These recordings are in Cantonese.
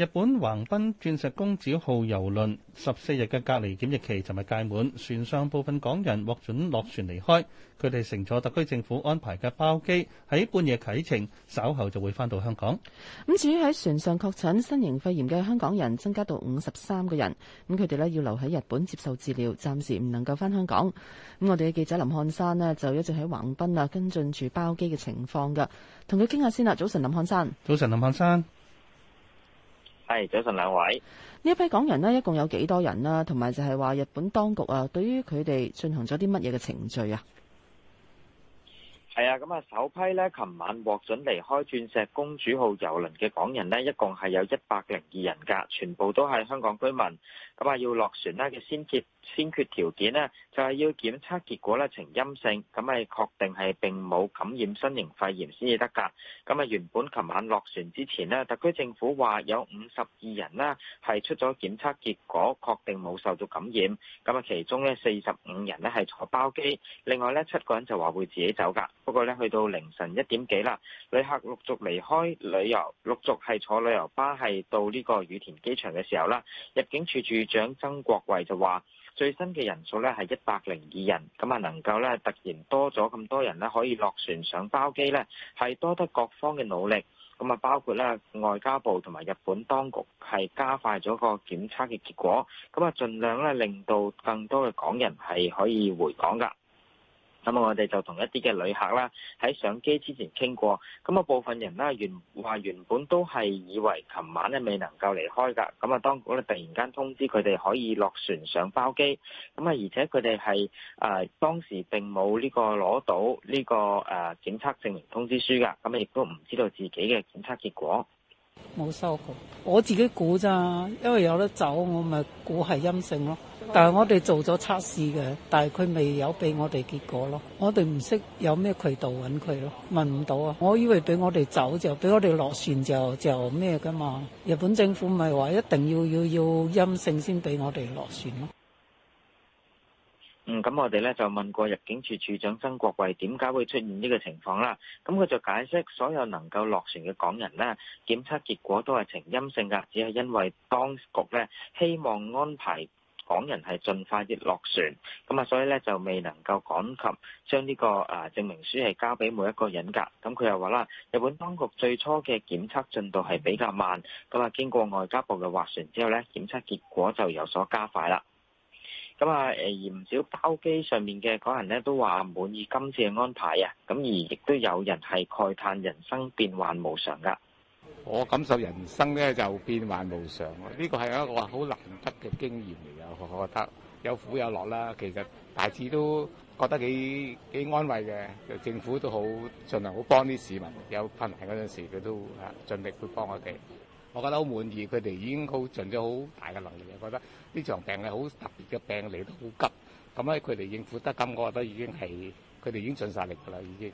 日本橫濱鑽石公主號郵輪十四日嘅隔離檢疫期尋日屆滿，船上部分港人獲准落船離開，佢哋乘坐特區政府安排嘅包機喺半夜啟程，稍後就會翻到香港。咁至於喺船上確診新型肺炎嘅香港人增加到五十三個人，咁佢哋呢要留喺日本接受治療，暫時唔能夠翻香港。咁我哋嘅記者林漢山呢就一直喺橫濱啊跟進住包機嘅情況噶，同佢傾下先啦。早晨，林漢山。早晨，林漢山。係，早晨兩位。呢一批港人咧，一共有幾多人啦？同埋就係話，日本當局啊，對於佢哋進行咗啲乜嘢嘅程序啊？係啊，咁啊首批呢，琴晚獲准離開鑽石公主號郵輪嘅港人呢，一共係有一百零二人噶，全部都係香港居民。咁啊，要落船咧嘅先決先決條件呢，就係要檢測結果呢呈陰性，咁係確定係並冇感染新型肺炎先至得噶。咁啊，原本琴晚落船之前呢，特區政府話有五十二人呢係出咗檢測結果，確定冇受到感染。咁啊，其中呢四十五人呢係坐包機，另外呢七個人就話會自己走噶。不過咧，去到凌晨一點幾啦，旅客陸續離開旅遊，陸續係坐旅遊巴係到呢個羽田機場嘅時候啦。入境處處長曾國衛就話，最新嘅人數咧係一百零二人，咁啊能夠呢突然多咗咁多人呢，可以落船上包機呢，係多得各方嘅努力，咁啊包括呢外交部同埋日本當局係加快咗個檢測嘅結果，咁啊盡量呢令到更多嘅港人係可以回港噶。咁啊，我哋就同一啲嘅旅客啦，喺上機之前傾過。咁啊，部分人啦，原話原本都係以為琴晚咧未能夠離開噶。咁啊，當局咧突然間通知佢哋可以落船上包機。咁啊，而且佢哋係誒當時並冇呢個攞到呢個誒檢測證明通知書噶。咁啊，亦都唔知道自己嘅檢測結果冇收過。我自己估咋，因為有得走，我咪估係陰性咯。但係我哋做咗測試嘅，但係佢未有俾我哋結果咯。我哋唔識有咩渠道揾佢咯，問唔到啊。我以為俾我哋走就俾我哋落船就就咩噶嘛？日本政府咪話一定要要要陰性先俾我哋落船咯。嗯，咁我哋呢就問過入境處處長曾國衞，點解會出現呢個情況啦。咁佢就解釋，所有能夠落船嘅港人呢，檢測結果都係呈陰性噶，只係因為當局呢希望安排。港人係盡快啲落船，咁啊，所以咧就未能夠趕及將呢個誒證明書係交俾每一個人㗎。咁佢又話啦，日本當局最初嘅檢測進度係比較慢，咁啊，經過外交部嘅斡旋之後咧，檢測結果就有所加快啦。咁啊，誒，唔少包機上面嘅港人咧都話滿意今次嘅安排啊，咁而亦都有人係慨嘆人生變幻無常㗎。我感受人生咧就變幻無常，呢個係一個好難得嘅經驗嚟啊！我覺得有苦有樂啦，其實大致都覺得幾幾安慰嘅。政府都好盡量好幫啲市民有困難嗰陣時，佢都啊盡力去幫我哋。我覺得好滿意，佢哋已經好盡咗好大嘅能力。覺得呢場病係好特別嘅病嚟，得好急。咁咧佢哋應付得咁，我覺得已經係佢哋已經盡晒力噶啦，已經。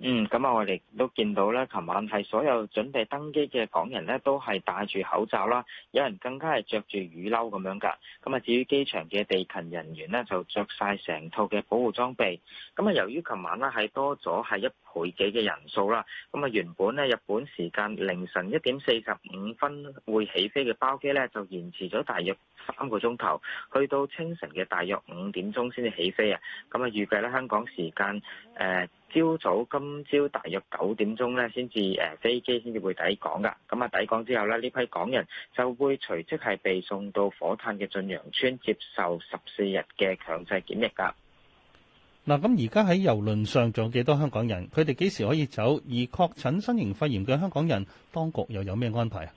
嗯，咁啊，我哋都見到咧，琴晚係所有準備登機嘅港人咧，都係戴住口罩啦，有人更加係着住雨褸咁樣噶。咁啊，至於機場嘅地勤人員咧，就着晒成套嘅保護裝備。咁啊，由於琴晚呢，係多咗係一回機嘅人數啦，咁啊，原本咧，日本時間凌晨一點四十五分會起飛嘅包機咧，就延遲咗大約三個鐘頭，去到清晨嘅大約五點鐘先至起飛啊。咁啊，預計咧，香港時間誒朝、呃、早今朝大約九點鐘咧先至誒飛機先至會抵港噶。咁啊，抵港之後咧，呢批港人就會隨即係被送到火炭嘅駿洋邨接受十四日嘅強制檢疫噶。嗱，咁而家喺郵輪上仲有幾多香港人？佢哋幾時可以走？而確診新型肺炎嘅香港人，當局又有咩安排啊？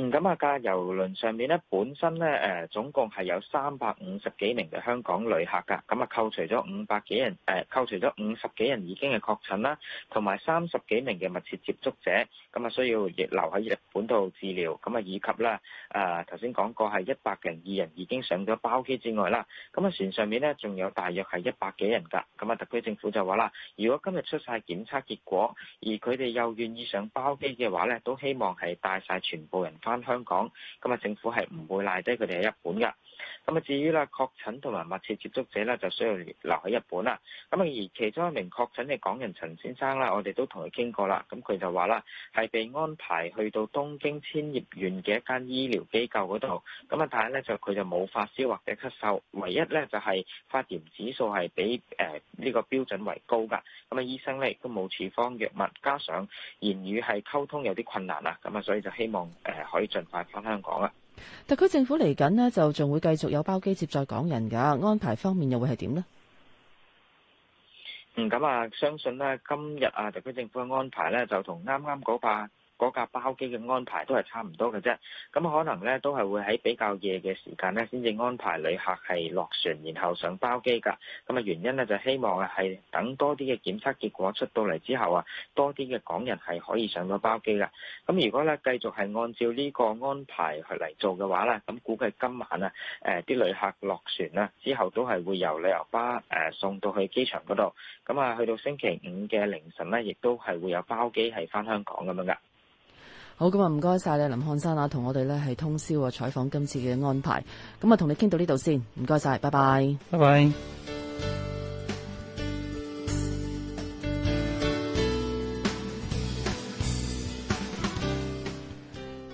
嗯，咁啊，架郵輪上面呢，本身呢，誒總共係有三百五十幾名嘅香港旅客㗎，咁啊扣除咗五百幾人，扣除咗五十幾人已經係確診啦，同埋三十幾名嘅密切接觸者，咁啊需要亦留喺日本度治療，咁啊以及啦，誒頭先講過係一百零二人已經上咗包機之外啦，咁啊船上面呢，仲有大約係一百幾人㗎，咁啊特區政府就話啦，如果今日出晒檢測結果，而佢哋又願意上包機嘅話呢，都希望係帶晒全部人翻香港，咁啊，政府係唔會賴低佢哋喺日本噶。咁啊，至於啦，確診同埋密切接觸者咧，就需要留喺日本啦。咁啊，而其中一名確診嘅港人陳先生啦，我哋都同佢傾過啦。咁佢就話啦，係被安排去到東京千葉縣嘅一間醫療機構嗰度。咁啊，但係咧就佢就冇發燒或者咳嗽，唯一咧就係發炎指數係比誒呢個標準為高㗎。咁啊，醫生咧亦都冇處方藥物，加上言語係溝通有啲困難啦。咁啊，所以就希望誒可以儘快翻香港啦。特區政府嚟緊呢，就仲會繼續有包機接載港人㗎。安排方面，又會係點呢？嗯，咁啊，相信呢、啊、今日啊，特區政府嘅安排呢，就同啱啱嗰把。嗰架包機嘅安排都係差唔多嘅啫，咁可能咧都係會喺比較夜嘅時間咧先至安排旅客係落船，然後上包機噶。咁嘅原因咧就希望啊係等多啲嘅檢測結果出到嚟之後啊，多啲嘅港人係可以上到包機噶。咁如果咧繼續係按照呢個安排嚟做嘅話咧，咁估計今晚啊誒啲旅客落船啦之後都係會由旅遊巴誒送到去機場嗰度，咁啊去到星期五嘅凌晨咧，亦都係會有包機係翻香港咁樣噶。好咁啊，唔該曬你林漢生啊，同我哋咧係通宵啊，採訪今次嘅安排。咁啊，同你傾到呢度先，唔該曬，拜拜，拜拜。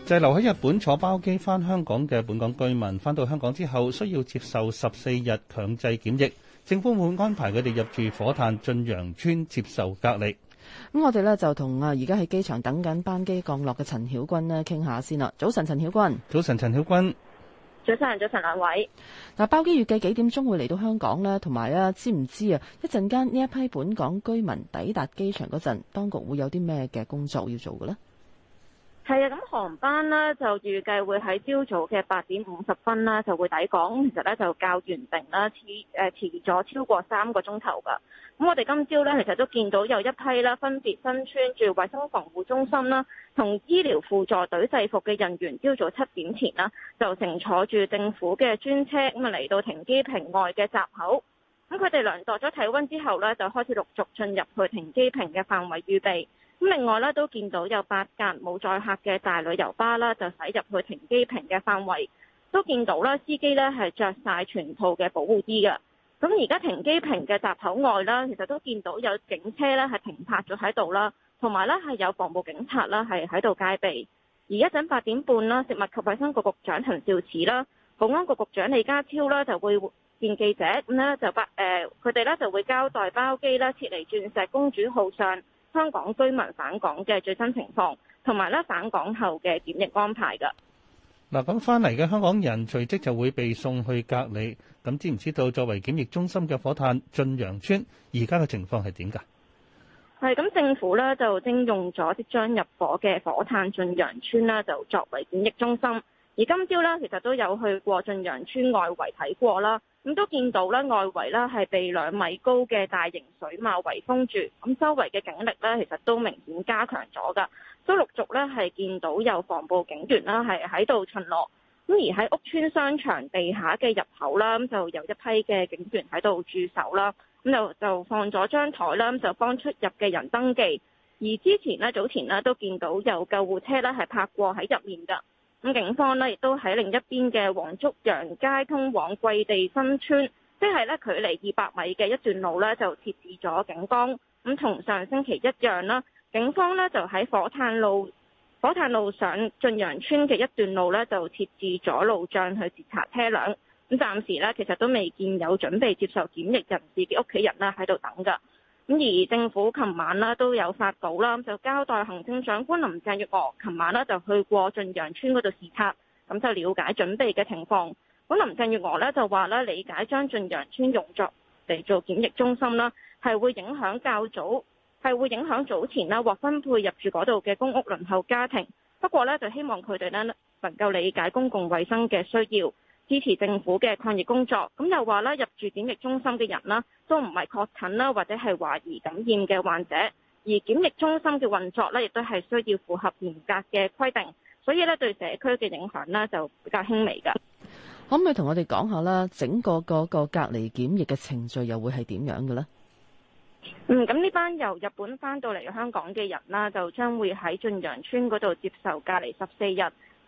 滯留喺日本坐包機翻香港嘅本港居民，翻到香港之後，需要接受十四日強制檢疫，政府會安排佢哋入住火炭駿洋邨接受隔離。咁我哋咧就同啊而家喺機場等緊班機降落嘅陳曉君傾下先啦。早晨，陳曉君。早晨，陳曉君。早晨，早晨，兩位。嗱，包機預計幾點鐘會嚟到香港呢？同埋咧，知唔知啊？一陣間呢一批本港居民抵達機場嗰陣，當局會有啲咩嘅工作要做嘅呢？係啊，咁航班呢就預計會喺朝早嘅八點五十分啦，就會抵港。其實咧就較原定啦，遲誒遲咗超過三個鐘頭㗎。咁我哋今朝咧其實都見到有一批啦，分別身穿住衞生防護中心啦同醫療輔助隊制服嘅人員，朝早七點前啦就乘坐住政府嘅專車咁啊嚟到停機坪外嘅閘口。咁佢哋量度咗體温之後咧，就開始陸續進入去停機坪嘅範圍，預備。咁另外咧，都見到有八間冇載客嘅大旅遊巴啦，就駛入去停機坪嘅範圍。都見到啦，司機咧係着晒全套嘅保護衣嘅。咁而家停機坪嘅閘口外啦，其實都見到有警車咧係停泊咗喺度啦，同埋咧係有防暴警察啦係喺度戒備。而一陣八點半啦，食物及衛生局局，局長陳肇始啦，保安局局長李家超啦就會見記者，咁呢就八誒佢哋咧就會交代包機啦撤離鑽石公主號上香港居民返港嘅最新情況同埋咧返港後嘅檢疫安排噶。嗱，咁翻嚟嘅香港人隨即就會被送去隔離。咁知唔知道作為檢疫中心嘅火炭駿洋邨而家嘅情況係點㗎？係咁，政府咧就徵用咗即將入伙嘅火炭駿洋邨啦，就作為檢疫中心。而今朝咧，其實都有去過駿洋邨外圍睇過啦。咁都見到咧，外圍咧係被兩米高嘅大型水馬圍封住。咁周圍嘅警力咧，其實都明顯加強咗噶。都陸續咧係見到有防暴警員啦，係喺度巡邏。咁而喺屋邨商場地下嘅入口啦，咁就有一批嘅警員喺度駐守啦。咁就就放咗張枱啦，就幫出入嘅人登記。而之前咧，早前呢，都見到有救護車咧係泊過喺入面噶。咁警方咧，亦都喺另一邊嘅黃竹洋街通往桂地新村，即係咧，距離二百米嘅一段路咧，就設置咗警崗。咁同上星期一樣啦，警方咧就喺火炭路、火炭路上駿洋邨嘅一段路咧，就設置咗路障去截查車輛。咁暫時咧，其實都未見有準備接受檢疫人士嘅屋企人啦喺度等㗎。咁而政府琴晚都有發稿啦，就交代行政長官林鄭月娥琴晚就去過駿洋邨嗰度視察，咁就了解準備嘅情況。咁林鄭月娥就話咧，理解將駿洋邨用作嚟做檢疫中心啦，係會影響較早，係會影響早前啦獲分配入住嗰度嘅公屋輪候家庭。不過呢就希望佢哋呢能夠理解公共衛生嘅需要，支持政府嘅抗疫工作。咁又話入住檢疫中心嘅人啦。都唔係確診啦，或者係懷疑感染嘅患者，而檢疫中心嘅運作呢，亦都係需要符合嚴格嘅規定，所以呢，對社區嘅影響呢，就比較輕微噶。可唔可以同我哋講下啦，整個嗰個，個隔離檢疫嘅程序又會係點樣嘅呢？嗯，咁呢班由日本翻到嚟香港嘅人啦，就將會喺駿洋邨嗰度接受隔離十四日。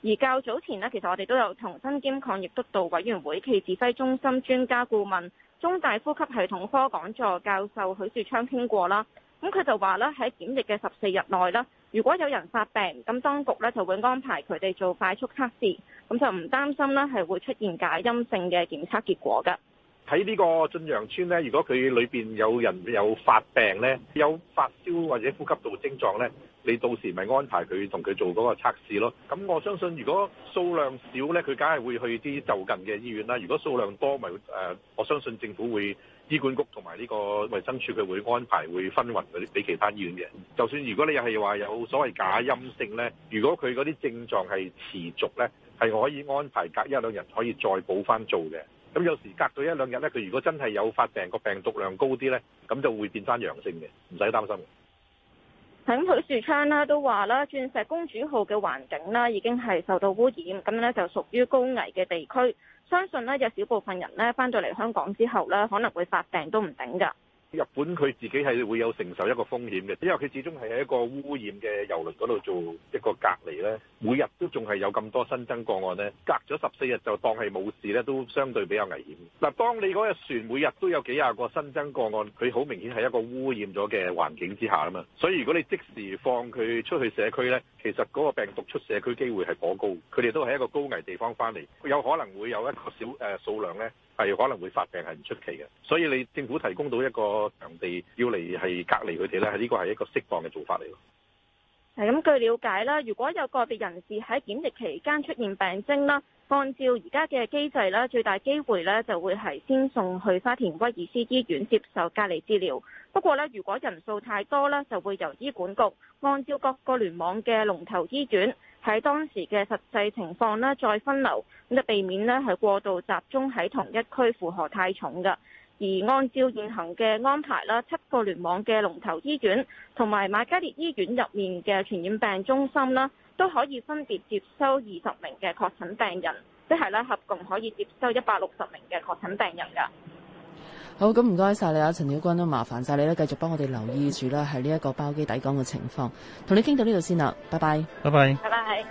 而較早前呢，其實我哋都有同身兼抗疫督導委員會暨指揮中心專家顧問。中大呼吸系統科講座教授許樹昌傾過啦，咁佢就話咧，喺檢疫嘅十四日內啦，如果有人發病，咁當局咧就會安排佢哋做快速測試，咁就唔擔心啦，係會出現假陰性嘅檢測結果嘅。睇呢個駿洋邨咧，如果佢裏面有人有發病咧，有發燒或者呼吸道症狀咧，你到時咪安排佢同佢做嗰個測試咯。咁我相信如果數量少咧，佢梗係會去啲就近嘅醫院啦。如果數量多，咪、呃、我相信政府會醫管局同埋呢個衛生署佢會安排會分勻啲俾其他醫院嘅。就算如果你係話有所謂假陰性咧，如果佢嗰啲症狀係持續咧，係可以安排隔一兩日可以再補翻做嘅。咁有時隔咗一兩日咧，佢如果真係有發病，個病毒量高啲咧，咁就會變翻陽性嘅，唔使擔心。喺、嗯、許樹昌啦，都話啦，鑽石公主號嘅環境啦，已經係受到污染，咁咧就屬於高危嘅地區。相信咧有少部分人咧翻到嚟香港之後咧，可能會發病都唔定㗎。日本佢自己係會有承受一個風險嘅，因為佢始終係喺一個污染嘅遊輪嗰度做一個隔離呢，每日都仲係有咁多新增個案呢，隔咗十四日就當係冇事呢，都相對比較危險。嗱，當你嗰隻船每日都有幾廿個新增個案，佢好明顯係一個污染咗嘅環境之下啊嘛，所以如果你即時放佢出去社區呢，其實嗰個病毒出社區機會係頗高，佢哋都係一個高危地方翻嚟，有可能會有一個小數量呢。係可能會發病，係唔出奇嘅，所以你政府提供到一個場地要嚟係隔離佢哋咧，係呢個係一個適當嘅做法嚟。係咁據了解啦，如果有個別人士喺檢疫期間出現病徵啦，按照而家嘅機制啦，最大機會咧就會係先送去沙田威爾斯醫院接受隔離治療。不過咧，如果人數太多咧，就會由醫管局按照各個聯網嘅龍頭醫院喺當時嘅實際情況呢再分流，咁就避免呢係過度集中喺同一區負荷太重噶。而按照現行嘅安排啦，七個聯網嘅龍頭醫院同埋瑪嘉烈醫院入面嘅傳染病中心啦，都可以分別接收二十名嘅確診病人，即係咧合共可以接收一百六十名嘅確診病人噶。好，咁唔該晒你啊，陳曉君都麻煩晒你啦，繼續幫我哋留意住啦，係呢一個包機抵港嘅情況。同你傾到呢度先啦，拜拜，拜拜，拜拜。拜拜。